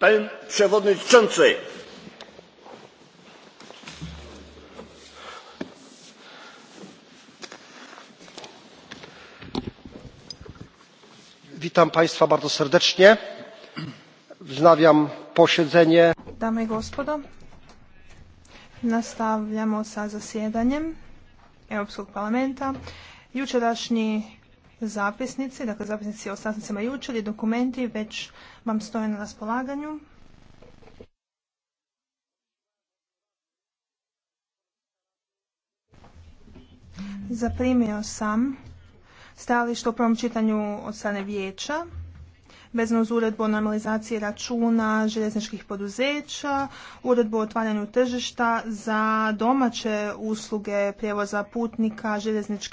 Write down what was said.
Panie Przewodniczący! Witam Państwa bardzo serdecznie. Wznawiam posiedzenie. Dame i gospodo, nastavljamo sa zasjedanjem Europskog parlamenta. Jučerašnji zapisnici, dakle zapisnici o sastancima jučer i dokumenti već vam stoje na raspolaganju. Zaprimio sam stajalište u prvom čitanju od strane vijeća vezano uz uredbu o normalizaciji računa željezničkih poduzeća, uredbu o otvaranju tržišta za domaće usluge prijevoza putnika, željezničke